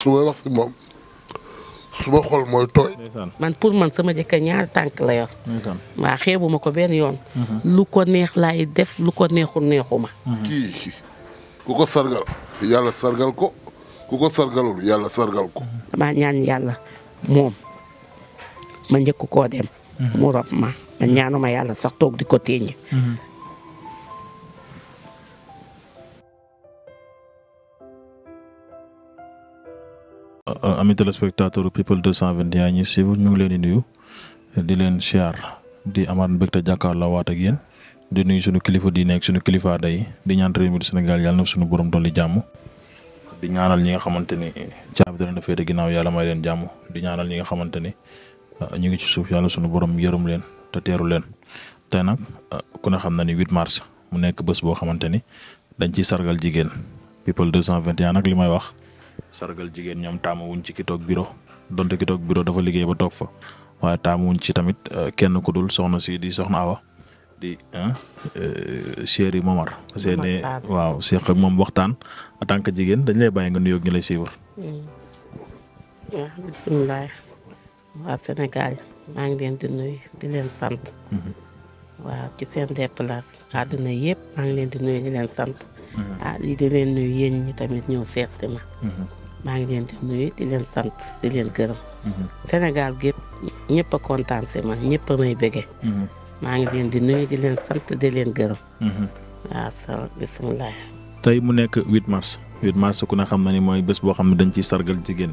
su may wax si moom su ma xool mooy tooy. man pour man sama jëkkër ñaari tànk la yor. waa xeebu ma ko benn yoon. Mhm. lu ko neex laay def lu ko neexul neexuma. Mhm. kii ku ko sargal yàlla sargal ko ku ko sargalul yàlla sargal ko. Mhm. damaa ñaan yàlla moom ma njëkk koo dem. mu rob ma ma ñaanuma yàlla sax toog di ko téeñ. Euh, ami téléspectateur people 221 ñi siiw ñu ngi leen di nuyu di leen siyaar di amaat mbégte jàkkaarloo waat ak yéen di nuy suñu kilifa di nekk suñu kilifa day di ñaan réew mi du Sénégal yàlla na suñu borom dolli jàmm. di ñaanal ñi nga xamante ni caabi dana féete ginnaaw yàlla may leen jàmm di ñaanal ñi nga xamante ni euh, ñu ngi ci suuf yàlla suñu borom yërëm leen te teeru leen tey nag euh, ku ne xam na ni 8 mars mu nekk bés boo xamante ni dañ ciy sargal jigéen people 221 nag li may wax. sargal jigéen ñoom taamuwuñ ci ki toog bureau donte ki dafa liggéey ba toog fa waaye taamuwuñ ci tamit euh, kenn ku dul soxna si di soxna Awa di euh, chéri Momar. seen seq ak moom waxtaan en tant que jigéen dañ lay bàyyi nga nuyoog ñu lay siiwar. Mm. Sénégal maa ngi leen di nuyu di leen sant. Mm-hmm. waaw ci seen déplace àdduna yëpp maa ngi leen di nuyu di leen sant. Mm-hmm. Ah, ñëw seet ma. Mm-hmm. maa ngi leen di nuyu di leen sant di leen gërëm. Mhm. Sénégal gépp ñëpp kontaan si man ñëpp a may bëgge. Mhm. maa ngi leen di nuyu di leen sant di leen gërëm. Mhm. waaw salaam bisimilah. tey mu nekk 8 mars 8 mars ku ne xam na ni mooy bés boo xam ne dañ ciy sargal jigéen.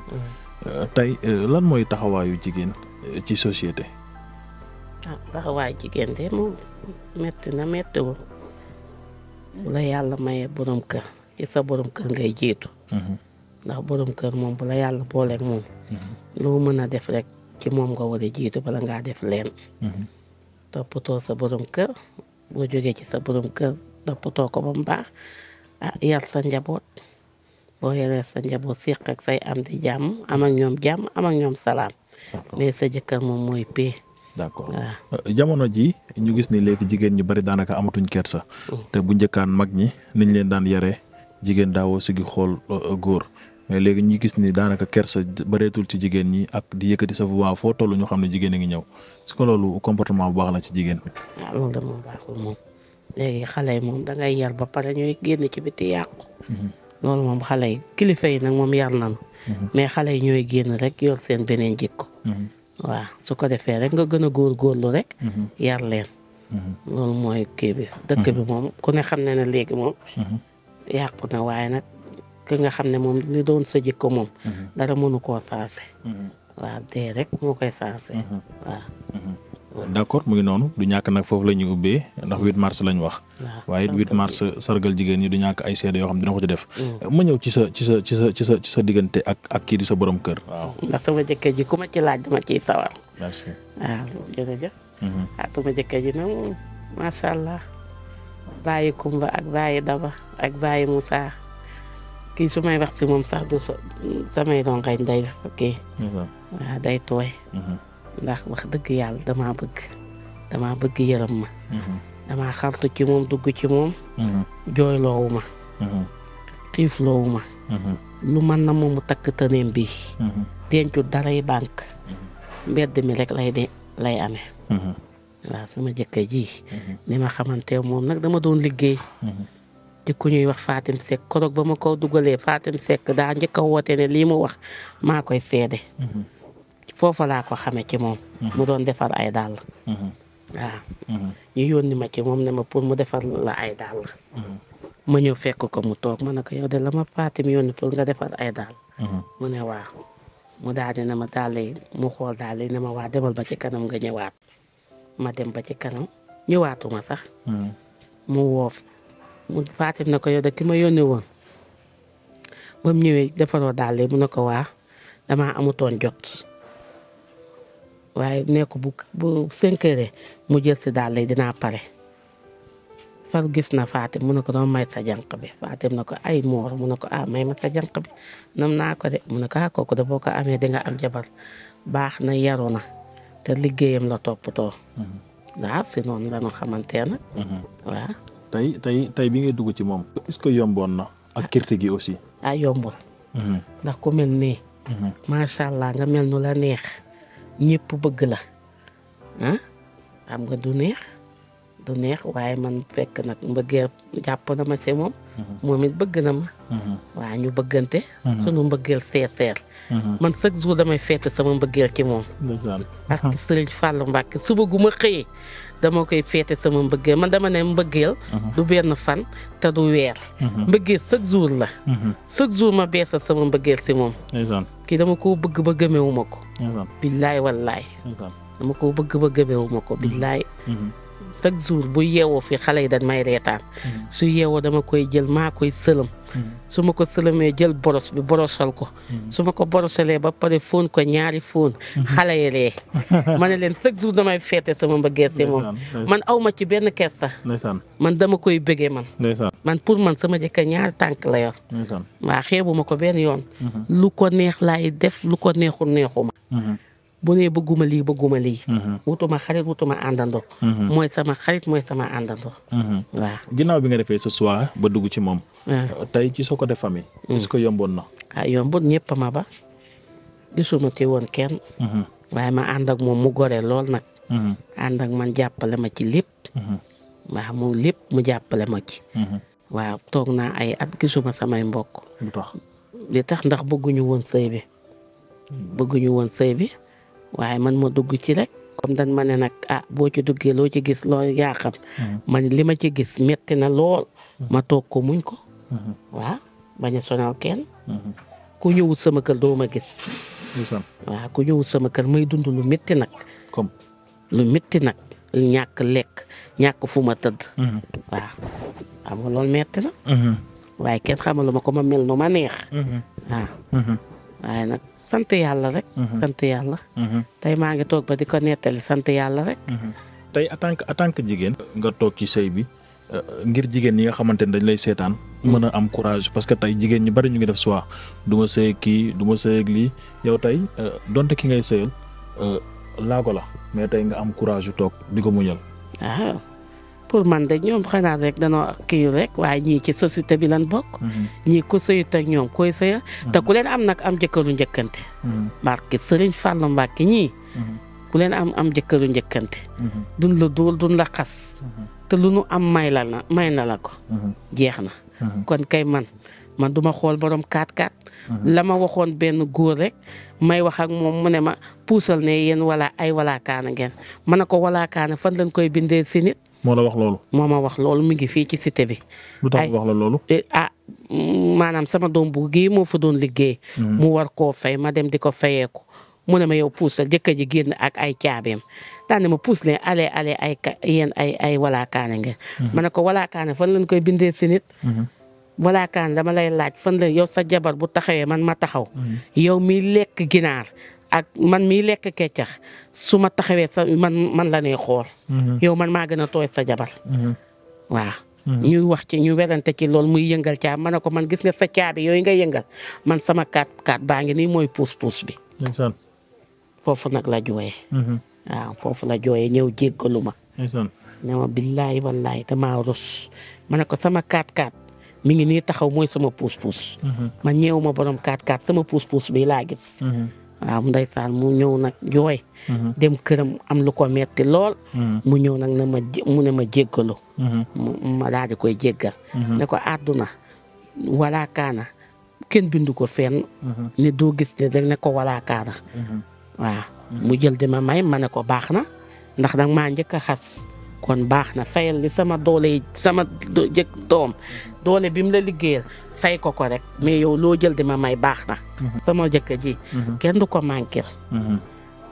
Euh, tey euh, lan mooy taxawaayu jigéen euh, ci société. ah taxawaayu jigéen de moom metti na mettiwul la yàlla maye borom kër ci sa borom kër ngay jiitu. ndax borom kër moom bu la yàlla booleeg moom. Mm-hmm. loo mën a def rek ci moom nga waree a jiitu bala ngaa def leen. Mm-hmm. toppatoo sa borom kër boo jógee ci sa borom kër toppatoo ko ba mu baax ah yar sa njaboot boo yaree sa njaboot séq ak say am di jàmm am ak ñoom jàmm am ak ñoom salaam. mais sa jëkkër moom mooy pee. d'accord euh, jamono ji ñu gis ni léegi jigéen ñu bari daanaka amatuñ kersa. Mm. te bu njëkkaan mag ñi niñ leen daan yaree jigéen daawoo sigi xool euh, góor. mais léegi ñu gis ni daanaka kersa bareetul ci jigéen ñi ak di yëkkati sa waaw foo tollu ñu xam ne jigéen a ngi ñëw su ko loolu comportement bu baax la ci jigéen. waaw ah, loolu xale yi moom da ngay yar ba pare ñooy génn ci biti yàqu. Mhm. loolu moom xale yi kilifa yi nag moom yar nañu. Mhm. mais xale yi ñooy génn rek yor seen beneen jikko. Mhm. waaw su ko defee rek nga gën a góorgóorlu rek. yar leen. mooy kii bi. dëkk bi moom ku ne xam na ne léegi moom. yàqu na waaye nag. ki nga xam ne moom li doon sa jikko moom mhm. dara mënu koo saase mhm. waaw dee rek moo koy saase mhm. waaw d'accord mu ngi noonu du ñàkk nag foofu la ñuy ubbee ndax 8 mars lañ wax waaye 8 mars sargal jigéen ñi du ñàkk ay seede yoo xam ne dina ko ci def mm. ma ñëw ci sa ci sa ci sa ci sa ci sa diggante ak ak kii di sa borom kër waaw ndax sama jëkkër ji ku ma ci laaj dama ciy sawar merci waaw jërëjëf ah sama jëkkër ji nag macha bàyyi Kumba ak bàyyi Daba ak bàyyi Moussa kii su may wax si moom sax du so samay dongañ day kii. waaw day tooy. Mhm. ndax wax dëgg yàlla damaa bëgg damaa bëgg yërëm ma. Mhm. damaa xartu ci moom dugg ci moom. Mhm. jooyloowu ma. lu man na mu takk tëneem bi dencu daray banque. mbedd mi rek lay de lay amee. waaw sama jëkkër ji. ni ma xamante moom nag dama doon liggéey. di ñuy wax Fatim Seck koroog ba ma koo dugalee Fatim sekk daa njëkk wootee ne lii mu wax maa koy seede. Mhm. foofa laa ko xamee ci moom. Mhm. mu doon defar ay dàll. Mhm. waaw. ñu yónni ma ci moom ne ma pour mu defar la ay dàll. ma ñëw fekk ko mu toog man na ko yow de la ma Fatim yónni pour nga defar ay dàll. mu ne waaw mu daal di ne ma dàll yi mu xool dàll yi ne ma waa demal ba ci kanam nga ñëwaat ma dem ba ci kanam ñëwaatuma sax. mu woof mu Fatim na ko yow da ki ma yónnee woon ba mu ñëwee defaroo daal mu ne ko waa damaa amutoon jot waaye nee ko bu bu mu jël si daal dinaa pare far gis na Fatim mu na ko dama may sa jànq bi Fatim na ko ay moor mu na ko ah may ma sa jànq bi nam naa ko de mu ne ko ah kooku de boo ko amee di nga am jabar baax na yaru na te liggéeyam la toppatoo. Mm-hmm. waaw si noonu la ñu xamante ne. Mm-hmm. tey tey tey bi ngay dugg ci moom est que yomboon na ak kirti gi aussi ah yomboon mhm. ndax ku mel nii mhm. macha allah nga mel nu la neex ñëpp bëgg la ah nga du neex du neex waaye man fekk nag mbëggee jàpp na ma si moom. Mhm. moom it bëgg na ma. Mhm. waa ñu bëggante. Mhm. sunu mbëggeel seer seer. man chaque jour damay féete sama mbëggeel moom. ak Sëriñ Fallou Mbacke dama koy féete sama mbëggeel man dama ne mbëggeel. du benn fan te du weer. mbëggeel chaque jour la. chaque jour ma beesal sama mbëggeel si moom. kii dama koo bëgg ba gëmewuma ko. billaay wallaay. dama koo bëgg ba gëmewuma ko billaay. chaque jour bu yeewoo fi xale yi dañ may reetaan mm. su yeewoo dama koy jël maa koy sëlëm mm. su ma ko sëlëmee jël boros bi borosal ko mm. su ma ko borosalee ba pare foon ko ñaari foon mm-hmm. xale yi ree ma ne leen chaque jour damay feete sama ba si moom man aw ma ci benn kersa man dama koy bëggee man man pour man sama jëkkër ñaari tànk la yor waa xeebu ma ko benn yoon mm-hmm. lu ko neex laay def lu ko neexul neexuma mm-hmm. bu nee bëgguma lii bëgguma lii. Mhm. wutuma xarit wutuma àndandoo. Mhm. mooy sama xarit mooy sama àndandoo. Mhm. waaw ginnaaw bi nga defee ce soir ba dugg ci moom. Ah. Euh, tey ci soo ko def famille. Mm. est-ce yomboon na. ah yomboon ñëpp ma ba gisuma ki woon kenn. waaye ma ànd ak moom mu gore lool nag. ànd man jàppale ma ci lépp. waaw moom lépp mu jàppale ma ci. waaw toog naa ay at gisuma samay mbokk. li tax ndax bëgguñu woon sëy bi. Mm. bëgguñu woon sëy bi. waaye man ma dugg ci rek comme dañ ma ne nag ah boo ci duggee loo ci gis loo yaa xam. Mm-hmm. man li ma ci gis metti na lool. Mm-hmm. ma toog ko muñ ko. Mm-hmm. waaw bañ a sonal kenn. ku ñëwul sama kër doo ma gis. waaw ku ñëwul sama kër may dund lu metti nag. comme lu métti nag ñàkk lekk ñàkk fu ma tëdd. waaw xam nga loolu métti na. waaye kenn xamaluma ko ma mel nu ma neex. waaw waaye nag. sant yàlla rek. Mhm. sant yàlla. Mhm. tey maa ngi toog ba di ko nettali sant yàlla rek. Mhm. tey en tant que en tant que jigéen. nga toog ci sëy bi euh, ngir jigéen ñi nga xamante ne dañ lay seetaan. mën a am courage parce que tey jigéen ñi bari ñu ngi def soit du ma sëy kii du ma sëy lii yow tey euh, donte ki ngay sëyal euh, laago la mais tey nga am courage yu toog di ko muñal. waaw pour man de ñoom xanaa rek danoo kii rek waaye ñii ci société bi lan bokk. Mhm. ñii ku sëyut ak ñoom koy sëya. Mhm. te ku leen am nag am jëkkëru njëkkante. Mhm. barke Sëriñ Fàllu Mbàkke ñii. ku leen am am jëkkëru njëkkante. duñ la duul duñ la xas. te lu nu am may la na may na la ko. jeex na. kon kay man man duma xool borom kaat kaat. la ma waxoon benn góor rek may wax ak moom mu ne ma puusal ne yéen wala ay walaakaana ngeen. ma ne ko walaakaana fan lañ koy bindee moo la wax loolu. moo ma wax loolu mu ngi fii ci cité bi. lu tax wax la loolu. Eh, ah, maanaam sama doom bu gii moo fa doon liggéey. Hmm. mu war koo fay ma dem di ko fayeeku mu ne ma yow puusal jëkkër ji génn ak ay caabeem daan ne ma puus leen ale ale ay ka yéen ay ay walaakaane ngeen. Hmm. ma ne ko walaakaane fan lañ koy bindee si nit. Hmm. walaakaane dama lay laaj fan la yow sa jabar bu taxawee man ma taxaw. yow mi lekk ginaar ak man mii lekk keccax su ma taxawee sa man man la nee xool. Mm-hmm. yow man maa gën a tooy sa jabar. Mm-hmm. waaw. Mm-hmm. ñuy wax ci ñu werante ci lool muy yëngal caabi ma ne ko man gis nga sa caabi yooyu nga yëngal man sama kaat kaat baa ngi nii mooy puus puus bi. foofu nag la jooyee. waaw foofu la jooyee ñëw jéggalu ma. ne ma billaahi wallaahi damaa rus ma ne ko sama kaat kaat mi ngi nii taxaw mooy sama puus puus. ma ñëw ma borom kaat kaat sama puus puus bi laa gis. waaw ndeysaan mu ñëw nag jooy. Mm-hmm. dem këram am lu ko metti lool. Mm-hmm. mu ñëw nag na mu ne ma jéggalu. Mm-hmm. ma daal di koy jéggal. ne ko àdduna wala kaana kenn bindu ko fenn. ne doo gis ne ne ko wala kaana. waaw mu jël di ma may ma ne ko baax na ndax nag maa njëkk a xas kon baax na fayal li sama doole sama jëkk doom doole bi mu la liggéeyal fay ko ko rek mais yow loo jël di ma may baax na. Mhm. sama jëkkër ji. Mhm. kenn du ko manquer. Mhm.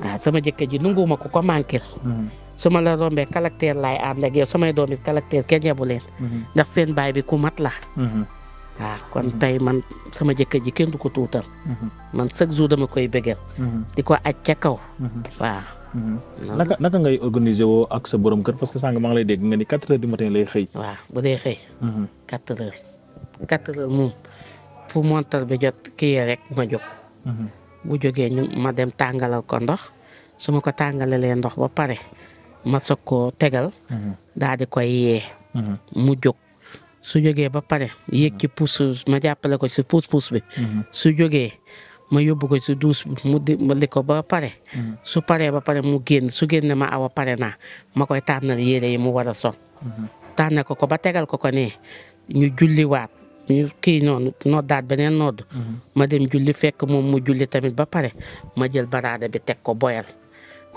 Ah, sama jëkkër ji nunguwuma ko ko manquer. suma ma la rombee caractère laay ànd ak samay doom it caractère kenn yebu leen. ndax seen baay bi ku mat la. Ah, kon tey man sama jëkkër ji kenn du ko tuutal. man chaque jour dama koy bëggal. di ko aj ca kaw. waaw. Mhm. naka naka ngay organiser woo ak sa borom kër parce que sànq maa ngi lay dégg nga ni quatre heures du matin lay xëy. waaw bu dee xëy. Mhm. quatre heures quatre fu montar bi jot kii rek ma jóg. Mhm. bu jógee ma dem tàngalal ko ndox su ma ko tàngalalee ndox ba pare ma soog koo tegal. daal di koy yee. mu jóg su jógee ba pare yëg ci pousse ma jàppale ko si pousse pousse bi. su jógee. ma yóbbu ko si douche bi mu dimbali ko ba pare. Mm-hmm. su paree ba pare mu génn su génne ma awa pare naa ma koy tànnal yére yi mu war a sol. Mm-hmm. tànne ko ko ba tegal ko ko ne ñu julliwaat ñu kii noonu noddaat beneen nodd mm-hmm. ma dem julli fekk moom mu julli tamit ba pare ma jël baraada bi teg ko boyal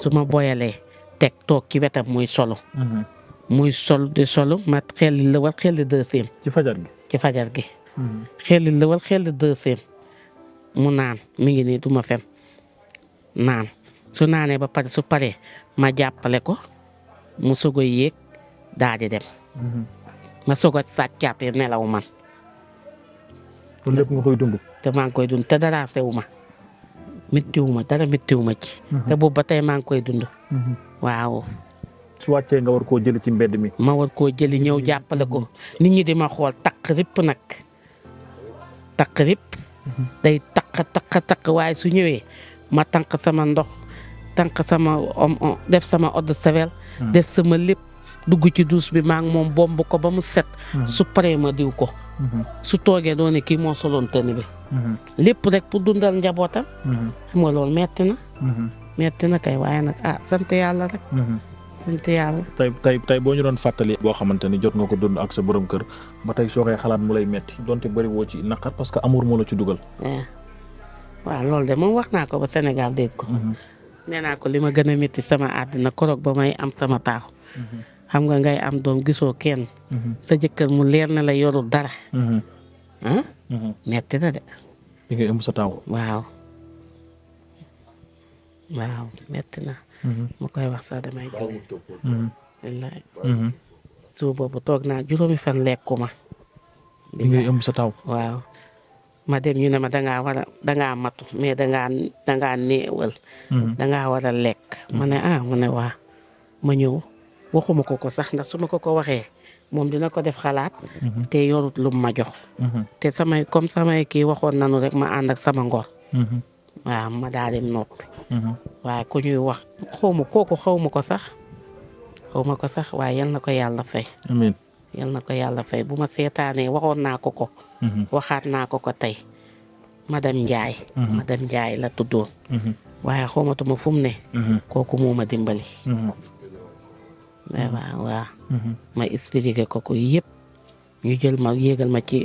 su ma boyalee teg toog ci wetam muy solo. muy sol solo ma xelli la wal xelli deuxième. ci fajar gi ci fajar gi. xelli mu naan mi ngi nii du ma fen naan su naanee ba pare su paree ma jàppale ko mu soog a yéeg daal dem. Mhm. ma soog a sàccaatee nelaw man. kon lépp nga koy te maa ngi koy dund te dara sew ma méttiwu ma dara méttiwu ma ci. Mhm. te boobu ba tey maa ngi koy dund. Mhm. waaw. su wàccee nga war koo jëli ci mbedd mi. ma war koo jëli ñëw jàppale ko nit ñi di ma xool taq ripp nag taq ripp. day taq taq taq waaye su ñëwee ma tànq sama ndox tànq sama om def sama eau de javel hmm. def sama lépp dugg ci duus bi maa moom bomb ko ba mu set hmm. su paree ma diw ko hmm. su toogee doone kii moo soloon tëni bi lépp rek pour dundal njabootam xam nga loolu metti na metti na kay waaye nag ah sant yàlla rek sant yàlla. tey tey tey boo ñu doon fàttali. boo xamante ni jot nga ko dund ak sa borom kër ba tay soo koy xalaat mu lay metti donte bëri woo ci naqar parce que amour moo la ci dugal. Eh, waaw loolu de moom wax naa ko ba Sénégal dégg ko. Mm-hmm. nee naa ko li ma gën a métti sama àddina koroog ba may am sama taaw. Mm-hmm. nga ngay am doom gisoo kenn. Mm-hmm. sa jëkkër mu leer na la yorul dara. metti na de. li ngay ëmb sa taaw. waaw waaw metti na. Mhm. ma koy wax sax damay jooy. Mhm. wallaay. su mhm. toog naa juróomi fan lekkuma. di ngay ëmb sa taw. waaw ma dem ñu ma danga war danga dangaa matu mais dangaa dangaa danga dangaa war a lekk. ma ne ah ma ne waa ñëw waxuma ko ko sax ndax su ma ko ko waxee. moom dina ko def xalaat. te yorut lum ma jox. te samay comme samay kii waxoon nanu rek ma ànd ak sama ngor. waaw ma daal di noppi. Mm-hmm. waaye ku ñuy wax xaw ma kooku xaw ma ko sax xaw ma ko sax waaye yal na ko yàlla fay. amiin ko yàlla fay bu ma seetaanee waxoon naa ko ko. Mm-hmm. waxaat naa ko ko tey madame Ndiaye. Mm-hmm. madame Ndiaye la tuddoon. waaye xawmatuma fu mu ne. kooku moo dimbali. Eh, ma expliqué ko ko yëpp ñu jël ma yéegal ma ci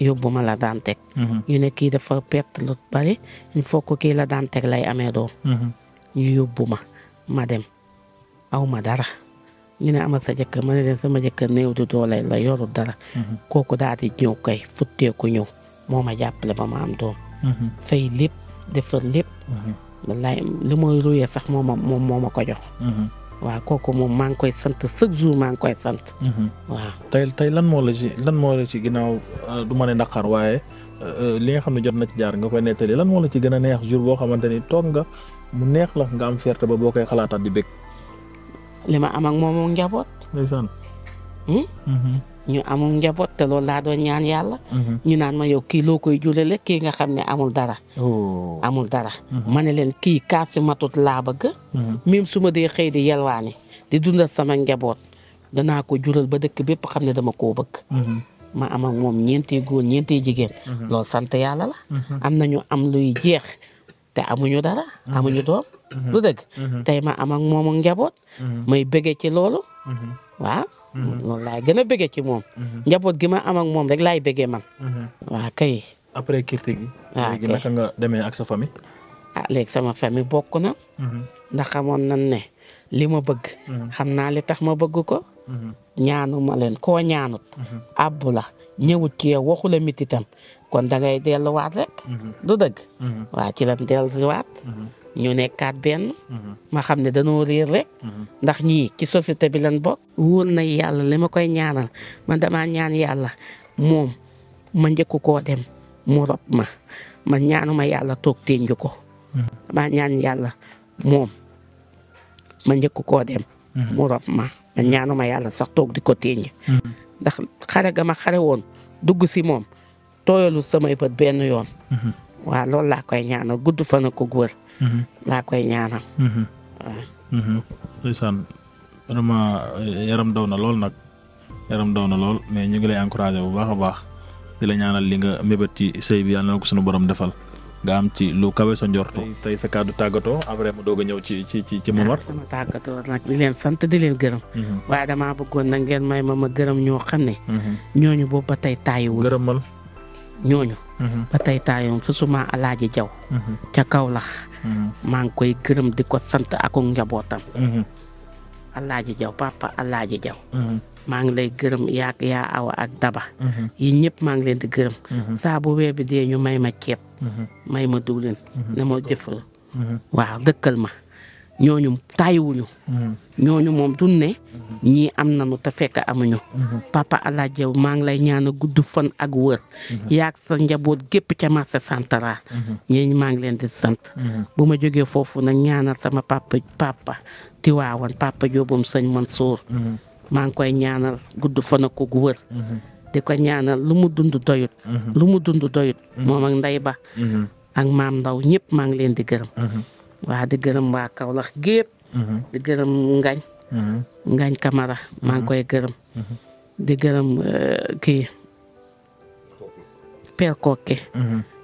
yóbbu ma la daan teg. Mm-hmm. ñu ne kii dafa perte lu bari il faut que kii la daan teg lay amee doom. Mm-hmm. ñu yóbbu ma ma dem aw ma dara ñu ne amal sa ma ne leen sama jëkkër néew di doole la yorul dara. Mm-hmm. kooku daal di ñëw kay futteeku ñëw moo ma jàppale ba ma doom. fay lépp defar lépp. wallaay li mooy ruyee sax moo moom ma ko waaw kooku moom maa ngi koy sant chaque jour maa ngi koy sant. Mhm. waaw tey tey lan moo la ci lan moo la ci ginnaaw euh, du ma ne naqar waaye euh, li nga xam ne jot na ci jaar nga koy nettali lan moo la ci gën a neex jur boo xamante ni toog nga mu neex la nga am fierté ba boo koy xalaataat di bëgg. li ma am ak moom moom njaboot. ndeysaan. Hmm? Mhm. ñu amul njaboot te loolu laa doon ñaan yàlla. Mhm. ñu naan ma yow kii loo koy julele kii nga xam ne amul dara. Oh. amul dara. Mhm. ma ne leen kii kaas yu matut laa bëgg. Mhm. même su ma dee xëy di yelwaani di dundal sama njaboot danaa ko jural ba dëkk bépp xam ne dama koo bëgg. ma am ak moom ñeenti góor ñeenti jigéen. loolu sant yàlla la. am nañu am luy jeex te amuñu dara. amuñu doom. lu dëgg. tey ma am ak moom njaboot. may bëggee ci loolu. waaw. loolu mhm. laay gën a bëggee ci moom. Mhm. njaboot gi ma am moom rek laay bëggee man. Mhm. waaw kay. après kirti gi. waaw ah, léegi nga demee ak sa famille. ah léegi sama famille bokk na. ndax xamoon nañ ne li ma bëgg. xam naa li tax ma bëgg ko. ñaanu ma leen koo ñaanut. abbu la ñëwut ci yow waxu la mititam kon da ngay delluwaat rek. du dëgg. waa ci lañ delluwaat. ñu nekkaat benn. Mhm. ma xam ne danoo réer rek. Mhm. ndax ñii ci société bi lañ bokk. wóor na yàlla li ma koy ñaanal man damaa ñaan yàlla moom ma njëkku koo dem mu rob ma ma yàlla toog tënju ko. Mhm. damaa moom ma koo dem. mu rob ma ma ñaanuma yàlla sax toog di ko tënju. ndax xare ga ma xare woon dugg si moom tooyalu samay bët benn yoon. waaw loolu laa koy ñaanal gudd fan ak ko góor. Mhm. laa koy ñaanal. Mhm. waaw. Mhm. ndeysaan vraiment yaram daw na lool nag yaram daw na lool mais ñu ngi lay encouragé bu baax a baax di la ñaanal li nga mébét ci sëy bi yàlla na ko suñu borom defal nga am ci lu kawe sa njorto. tey sa kàddu tàggatoo après mu doog a ñëw ci ci ci ci Momar. Ah, sama tàggatoo nag di leen sant di leen gërëm. waaye damaa bëggoon na ngeen may ma ma gërëm ñoo xam ne. ñooñu boobu ba tey taayiwul. gërëmal ñooñu. Mm-hmm. ba tey taayoon su suma alaaji jaw mm-hmm. ca Kawlax mm-hmm. maa ngi koy gërëm di ko sant ak njabootam alaaji jaw papa alaaji jaw maa ngi lay gërëm yaa yaa awa ak daba yi ñëpp maa ngi leen di gërëm saa bu weer bi dee ñu may ma ceeb may ma diwlin na ma jëfal waaw dëkkal ma ñooñu tàyyiwuñu mm-hmm. ñooñu moom du ne mm-hmm. ñii am nañu te fekk amuñu mm-hmm. papa Alaaji maa ngi lay ñaan gudd fan ak wër yaag sa njaboot gépp ca marché Santara ñeeñ maa ngi leen di sant bu ma jógee foofu nag ñaanal sama papa papa Tiwaawan papa Jóobam sëñ man sóor maa ngi koy ñaanal gudd fan ak ko wër di ko ñaanal lu mu dund doyut lu mu dund doyut moom ak ndey ba ak maam ndaw ñëpp maa ngi leen di gërëm waa di gërëm waa Kaolack gépp mhm. di gërëm Ngañ. Mhm. Ngañ Camara maa ngi mhm. koy gërëm. di gërëm euh, kii Père Koke.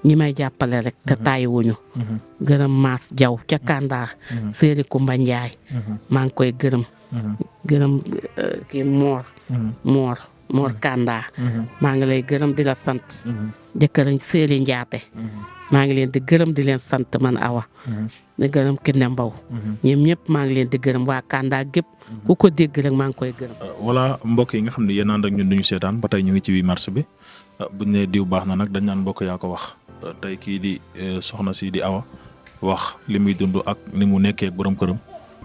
ñi may jàppale rek te tàyyi wuñu gërëm Maas Jaw ca Kandar. Séeri Kumba Njaay maa ngi koy gërëm. gërëm euh, kii Moor. Moor Moor Kandar. maa ngi lay gërëm di la sant. jëkkër Sëriñ Njaape mm-hmm. maa ngi leen di gërëm di leen sant man awa mm-hmm. di gërëm Kiné Mbaw mm-hmm. ñoom ñëpp maa ngi leen di gërëm waa Kanda gépp ku ko dégg rek maa ngi koy gërëm euh, voilà mbokk yi nga xam ne yéen ànd ak ñun duñu seetaan ba tey ñu ngi ci 8 mars bi euh, buñ ne diw baax na nag dañ naan mbokk yaa ko wax euh, tey kii di soxna si di awa wax li muy dund ak ni mu nekkee ak borom këram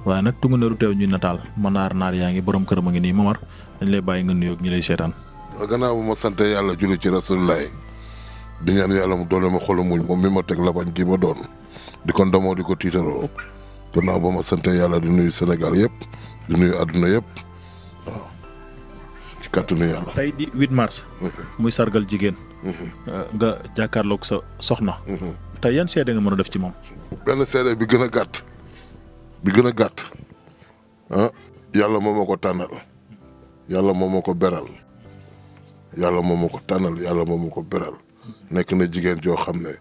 waaye nag tungu neeru teew ñu nataal manaar naar yaa ngi borom këram a ngi nii Momar dañ lay bàyyi nga nuyoog ñi lay seetaan gannaaw bu ma sant yàlla julli ci rasulullah di ñaan yàlla mu doole ma xolu muñ moom mi ma teg la bañ gi ma doon di ko ndamoo di ko tiitaroo gannaaw ba ma sante yàlla di nuyu Sénégal yëpp di nuyu àdduna yëpp waaw ci kàttanu yàlla. tey di mars. Mm-hmm. muy sargal jigéen. Mm-hmm. Euh, nga jàkkaarloog sa soxna. Mm-hmm. tey yan seede nga mën a def ci moom. benn seede bi gën a gàtt bi gën a gàtt ah, yàlla moom moo ko tànnal yàlla moom moo ko beral yàlla moom moo ko tànnal yàlla moom moo ko beral. nekk na jigéen joo xam ne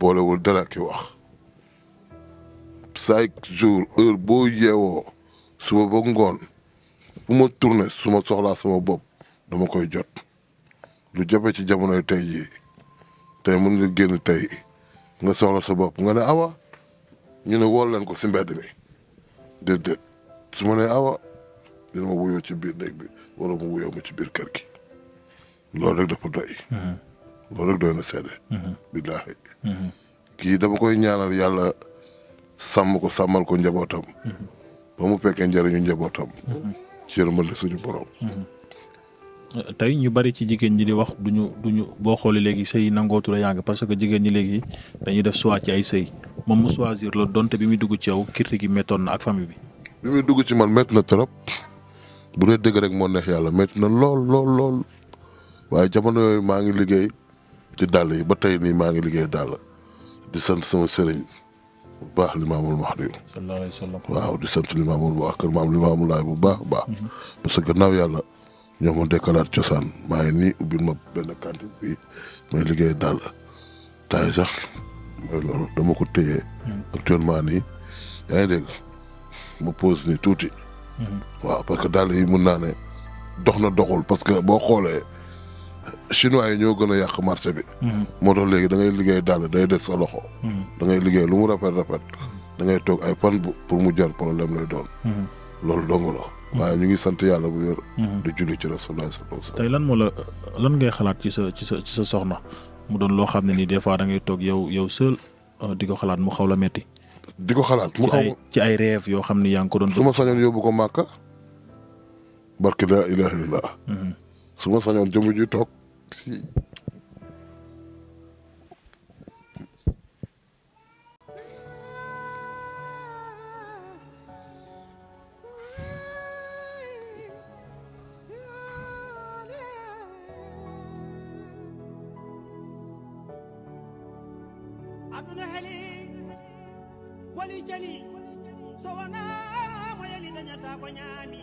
boolewul dara ki wax chaque jour heure boo yeewoo suba ba ngoon bu ma tourné su ma soxlaa suma bopp dama koy jot lu jafe ci jamonoy tey jii tey mën nga génn tey nga soxla sa bopp nga ne awa ñu ne wool leen ko si mbedd mi déedéet su ma ne awa dina ma wuyoo ci biir néeg bi wala mu wuyoo ma ci biir kër gi loolu rek dafa doy. Hmm. loolu rek doy na seede. Mhm. billaahi. Mhm. kii dama koy ñaanal yàlla sàmm ko sàmmal ko njabootam. Mhm. ba mu fekkee njëriñu njabootam. ci yërmande suñu borom. tey ñu bari ci jigéen ñi di wax duñu duñu boo xoolee léegi sëy nangootu la yàgg parce que jigéen ñi léegi dañuy def choix ci ay sëy moom mu choisir la donte bi muy dugg ci yow kirti gi méttoon na ak famille bi. bi muy dugg ci man métti na trop bu dee dëgg rek moo neex yàlla métti na lool lool waaye jamono yooyu maa ngi liggéey. ci dàll yi ba tey nii maa ngi liggéey dàll di sant sama sëriñ bu baax limaamul Mahdi. sallallahu alayhi wa sallam. waaw di sant limaamul waa kër maam limaamul bu baax baax. parce que gannaaw yàlla ñoo ma dekkalaat cosaan maa ngi nii ubbil ma benn cantine bi may liggéey dàll taay sax mooy loolu dama ko téye. actuellement nii yaa ngi dégg ma pause ni tuuti. Hmm. waaw parce que dàll yi mun naa ne dox na doxul parce que boo xoolee. chinois yi ñoo gën a yàq marché bi. Mm-hmm. moo léegi da ngay liggéey dàll day des sa mm-hmm. da ngay liggéey lu mu rafet rafet. Mm-hmm. da toog ay fan bu pour mu jar problème lay doon. loolu dong la. ñu ngi sant yàlla bu wér. di julli ci rasulullah sallallahu alayhi wasallam. lan moo lan ngay xalaat ci sa ci sa ci sa mu doon loo xam ne nii des fois da toog yow yow euh, di xalaat mu xaw la metti di ko xalaat ci ay rêve yoo xam ni yaa ngi ko doon. su ma sañoon yóbbu ko màkka barki laa ilaaha illallaah. su ma sañoon jëmm ji toog. aduna heli wali jali so wonamo yali dañata ko ñaami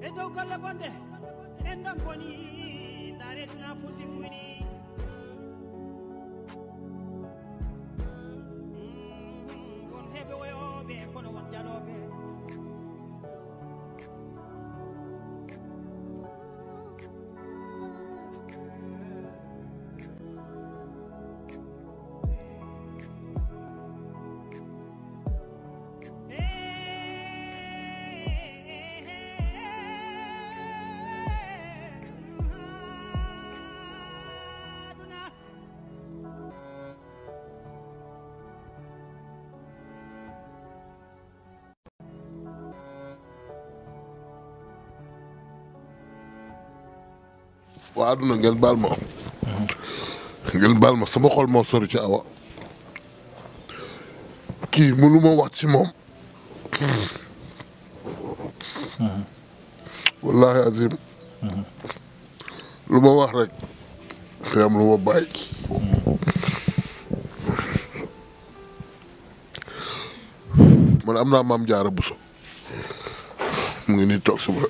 e dow golle bonde en dan boni daretuna futti fuyni waa àdduna ngeen baal ma ngeen baal ma sama xol moo sori ci awa kii mënu ma wax ci moom wallahi azim lu ma wax rek te am lu ma bàyyi man am naa maam jaara buso mu ngi nii toog sama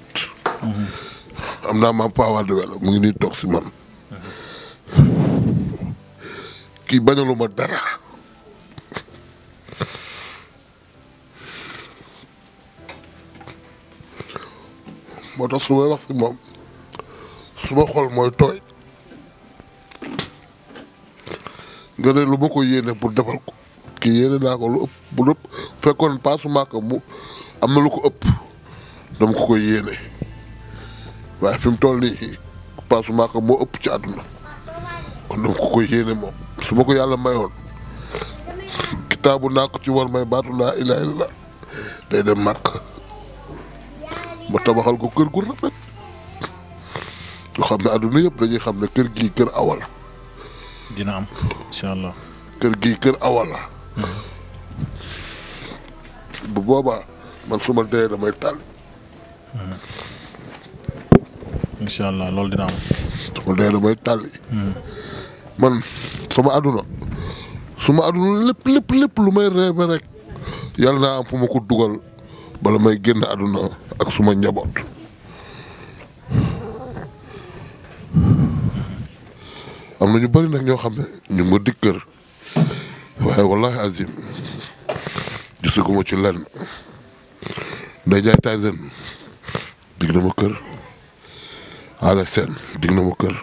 am naa maam Paa Wade mu ngi nii toog si man kii bañalu ma dara moo tax su may wax si moom su ma xool mooy tooy nga ne lu ma ko yéene pour defal ko kii yéene naa ko lu ëpp bu ëpp fekkoon paasuma ko mu am na lu ko ëpp dama ko koy yéene. waaye fi mu toll nii paasu maaka moo ëpp ci àdduna kon dama ko koy yéene moom su ma ko yàlla mayoon kitaabu naa ko ci war may baatu laa ilaaha illallaah day dem màkk ma tabaxal ko kër gu rafet yoo xam ne àdduna yëpp dañuy xam ne kër gii kër awala dina am incha kër gii kër awala mm-hmm. bu boobaa man su dee damay tàll incha allah loolu am. sama na bay tàlli. man sama aduna su aduna lépp lépp lépp lu may rêve rek yàlla naa am fu ma ko dugal bala may génn aduna ak suma njaboot. am na ñu bëri nag ñoo xam ne ñu ngi ma dikk wallahi azim gisaguma ci lenn nday jaay Tyson dig na ma Alex Sène dig na ma kër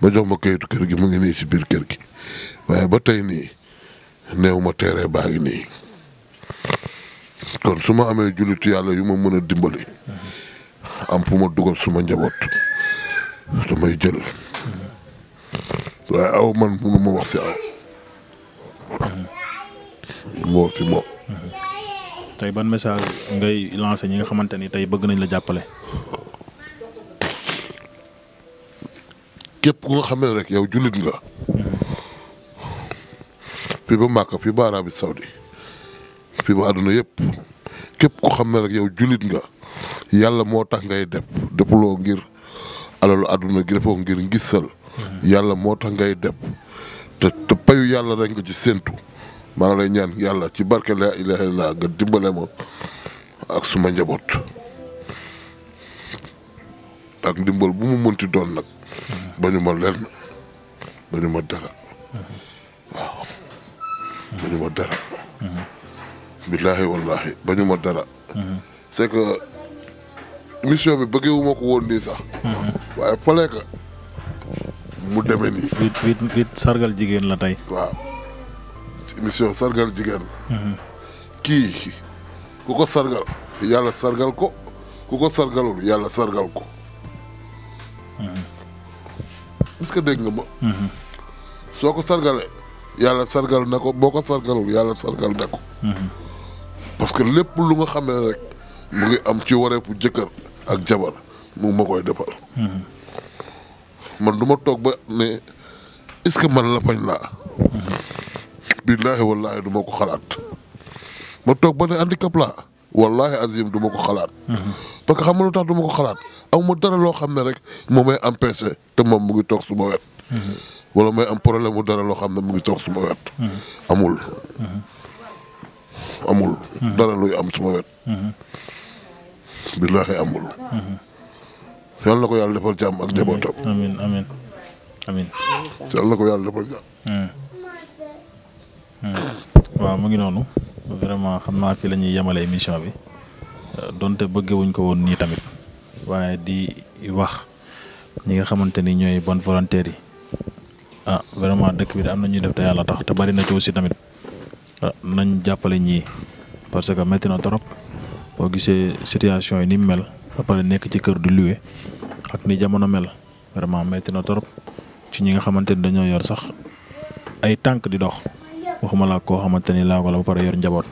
ba jox ma kayitu kër gi mu ngi nii si biir kër gi waaye ba tey nii neew ma teeree baa ngi nii kon su ma amee jullitu yàlla yu ma mën a dimbali am fu ma dugal suma njaboot damay jël waaye aw man mënu ma wax si aw moo fi moom. tey ban message ngay lancé ñi nga xamante ni tey bëgg nañ la jàppale. képp ko nga xam ne rek yow jullit nga. fii ba màkk fii ba Arabie Saoudi fii ba àdduna yëpp képp ku xam ne rek yow jullit nga yàlla moo tax ngay def defuloo ngir alalu àdduna gi defoo ngir ngisal yàlla moo tax ngay def te payu yàlla rek nga ci séntu maa ngi lay ñaan yàlla ci barke laa ilaaha illallaah nga dimbale ma ak suma njaboot ak ndimbal bu mu mënti doon nag. ba ñu ma lenn ba dara waaw ba dara billaahi wallaahi ba dara c'est que bi bëggewuma ko woon nii sax waaye fallait mu demee nii wit wit wit sargal jigéen la tey waaw émission sargal jigéen la mm-hmm. kii ku ko sargal yàlla sargal ko ku ko sargalul yàlla sargal ko mm-hmm. est-ce que dégg soo ko sargalee yàlla sargal na ko boo ko sargalul yàlla sargal na ko. parce que lépp lu nga xam ne rek mu ngi am ci wareefu jëkkër ak jabar mu ma koy defal. man du ma toog ba ne est-ce que man la fañ laa. billaahi wallaahi du ma ko xalaat ma toog ba ne handicap laa. wallahi azim du ma ko xalaat. Mhm. parce que xam nga lu tax du ma ko xalaat aw dara loo xam ne rek moo may empêché te moom mu ngi toog su ma wet. Mhm. wala may am problème mu dara loo xam ne mu ngi toog su ma wet. Mhm. amul. amul. dara luy am su ma wet. billahi amul. yàlla na ko yàlla defal jàmm ak njabootam. amiin amiin amiin. yàlla na ko yàlla defal jàmm. mu ngi noonu. vraiment xam naa fi la ñuy yemale émission bi donte bëggewuñ ko woon nii tamit waaye di wax ñi nga xamante ni ñooy bonne volontaire yi ah vraiment dëkk bi da am na ñuy def te yàlla tax te bari na ci tamit ah, nañ jàppale ñii parce que métti na trop boo gisee situation yi ni mel ba pare nekk ci kër du luwe ak ni jamono mel vraiment métti na trop ci ñi nga xamante ni dañoo yor sax ay tànk di dox. waxuma laa koo xamante ni laa ko la ba pare yor njaboot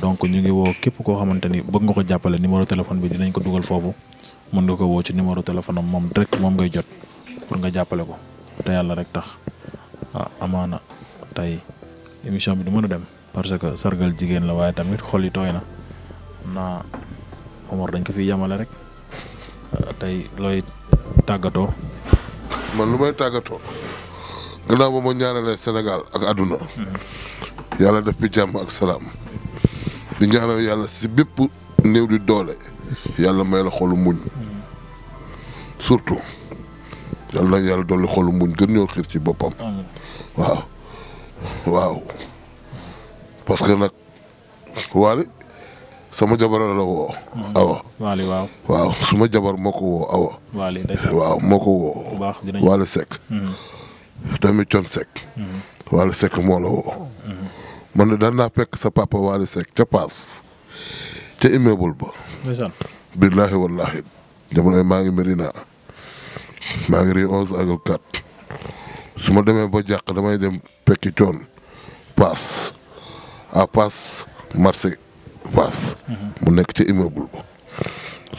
donc ñu ngi woo képp koo xamante ni bëgg nga ko jàppale numéro téléphone bi dinañ ko dugal foofu mën nga ko woo ci numéro téléphone moom direct moom ngay jot pour nga jàppale ko te yàlla rek tax ah amaana tey émission bi du mën a dem parce que sargal jigéen la waaye tamit xolitooy yi tooy na naa Omar dañ ko fi yamale rek ah, tey looy tàggatoo. man lu may tàggatoo. gannaaw ba ma ñaanalee Sénégal ak àdduna yàlla def fi jàmm ak salaam di ñaanal yàlla si bépp néew di doole yàlla may la xolu muñ surtout yàlla na yàlla dolli xolu muñ gën ñoo xiir ci boppam waaw waaw parce que nag waali sama jabar la woo awa waali waaw suma jabar moo ko woo awa waaw moo ko woo waali sekk hmm. doomi Thione Seck. Wally Seck moo la woo. man de daan naa fekk sa papa Wally Seck ca Paas ca immeuble ba. ndeysaan billaahi wallaahi jamono maa ngi Medina maa ngi rue onze angle quatre su ma demee ba jàq damay dem fekki Thione Paas à Paas marché Paas. mu nekk ca immeuble ba.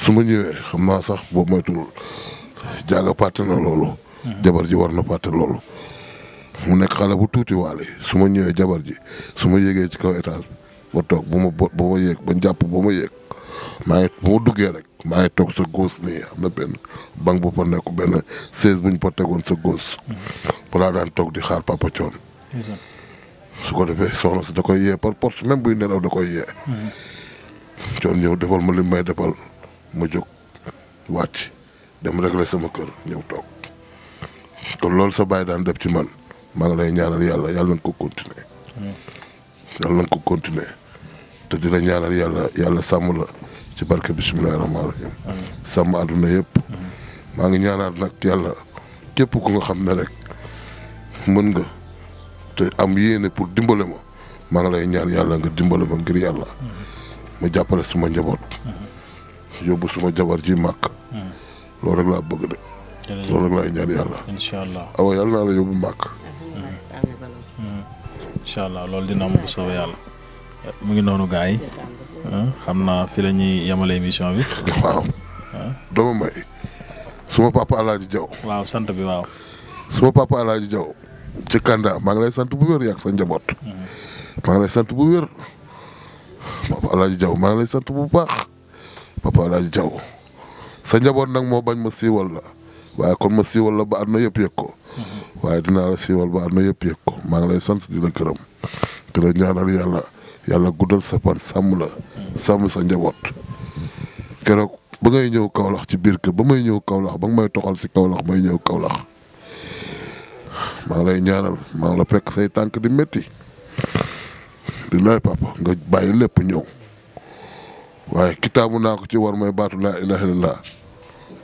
su ma ñëwee xam naa sax boobu moytuwul jaaga pàtte na loolu. jabar ji war na fàtte loolu. mu nekk xale bu tuuti waale su ma ñëwee jabar ji su ma yéegee ci kaw étage ba toog ba ma ba ma yéeg ba jàpp ba ma yéeg maa ngi bu ma duggee rek maa ngi toog sa góos nii am na benn banque bu fa nekku benn chaise bu ñu fa tegoon sa góos. laa daan toog di xaar papa coon su ko defee soxna si da koy yee par porte même buy nelaw da koy yee. coon ñëw defal ma lim may defal ma jóg wàcc dem régler sama kër ñëw toog. kon loolu sa bàyyi daan def ci man maa ngi lay ñaanal yàlla yàlla nañ ko continuer yàlla nañ ko continuer te di la ñaanal yàlla yàlla sàmm la ci barke bisimilah rahmaani rahim sàmm àdduna yëpp maa ngi ñaanal nag yàlla képp ku nga xam ne rek mën nga te am yéene pour dimbale ma maa ngi lay ñaan yàlla nga dimbale ma ngir yàlla ma jàppale suma njaboot yóbbu suma jabar ji màkk loolu rek laa bëgg de loolu rek laay ñaan yàlla. incha allah loolu dina am bu ngi noonu gars yi. naa fi la ñuy yemale émission bi. waaw. doomu may suma papa Alaaji Jaw sant bi waaw. suma papa Alaaji Jaw ci Kanda maa ngi lay sant bu wér yàgg sa njaboot. maa ngi lay sant bu wér. papa Alaaji Jaw maa ngi lay sant bu baax. papa Alaaji Jaw sa njaboot nag moo bañ ma siiwal la. waaye kon ma siiwal la ba àdduna yëpp yëg ko waaye dinaa la siiwal ba na yëpp yëg ko maa ngi lay sant di la gërëm di la ñaanal yàlla yàlla guddal sa fan sàmm la sàmm sa njaboot keroog ba ngay ñëw Kaolack ci biir kër ba may ñëw kawlax ba nga may toxal si Kaolack may ñëw Kaolack maa ngi lay ñaanal maa ngi la fekk say tànk di metti di lay papa nga bàyyi lépp ñëw waaye kitaabu naa ko ci war may baatu laa ilaha illallah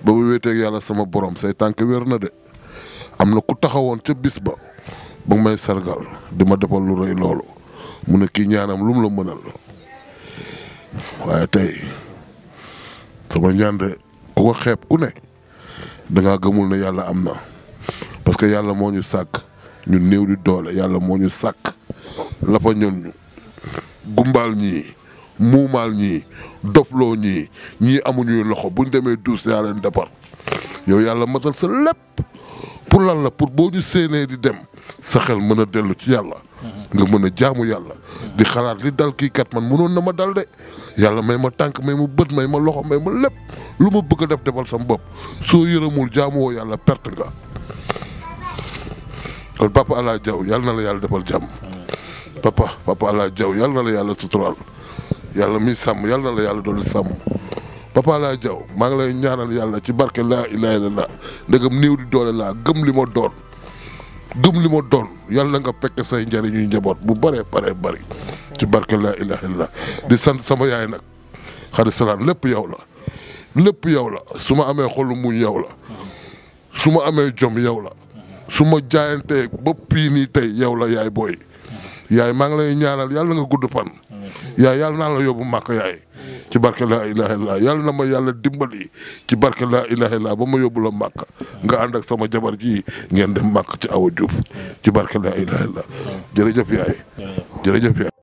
ba ma wéeteeg yàlla sama borom say tànk wér na de am na ku taxawoon ca bis ba ba may sargal di ma defal lu rëy loolu mu ne kii ñaanam lu mu la mënal waaye tey sama ñaan de ku ko xeeb ku ne dangaa gëmul ne yàlla am na parce que yàlla moo ñu sàkk ñu néew di doole yàlla moo ñu sàkk lafa ñun ñu gumbaal ñii muumaal ñii dofloo ñii ñii amuñuy loxo buñ demee douze yaa leen départ yow yàlla matal sa lépp pour lan la pour boo ñu séenee di dem sa xel mën a dellu ci yàlla. nga mën a jaamu yàlla. di xalaat li dal kii kat man mënoon na ma dal de yàlla may ma tànk may ma bët may ma loxo may ma lépp lu ma bëgg a def defal sama bopp soo yërëmul jaamu woo yàlla pert nga. kon papa Alla Diaw yàlla na la yàlla defal jàmm. papa papa Alla jaw yàlla na la yàlla suturaal. yàlla mi sàmm yàlla na la yàlla doolu sàmm papa laa jaw maa ngi lay ñaanal yàlla ci barke laa ilaha illallah ndegam néew di doole laa gëm li ma doon gëm li ma doon yàlla nga pekk say njëriñuy njaboot bu bëree bare bari ci barke laa ilaha illallah di sant sama yaay nag xarit salaan lépp yow la lépp yow la su ma amee xolu muñ yow la su ma amee jom yow la su ma jaayantee ba pii nii tey yow la yaay booy yaay maa ngi lay ñaanal yàlla nga gudd fan yaay yàlla naa la yóbbu màkk yaay ci barke la ilaha illah yàlla na ma yàlla dimbali ci barke la ilaha illah ba ma yóbbu la màkk nga ànd ak sama jabar jii ngeen dem màkk ci awa Diouf ci barke laa ilaha illah jërëjëf yaay jërëjëf yaay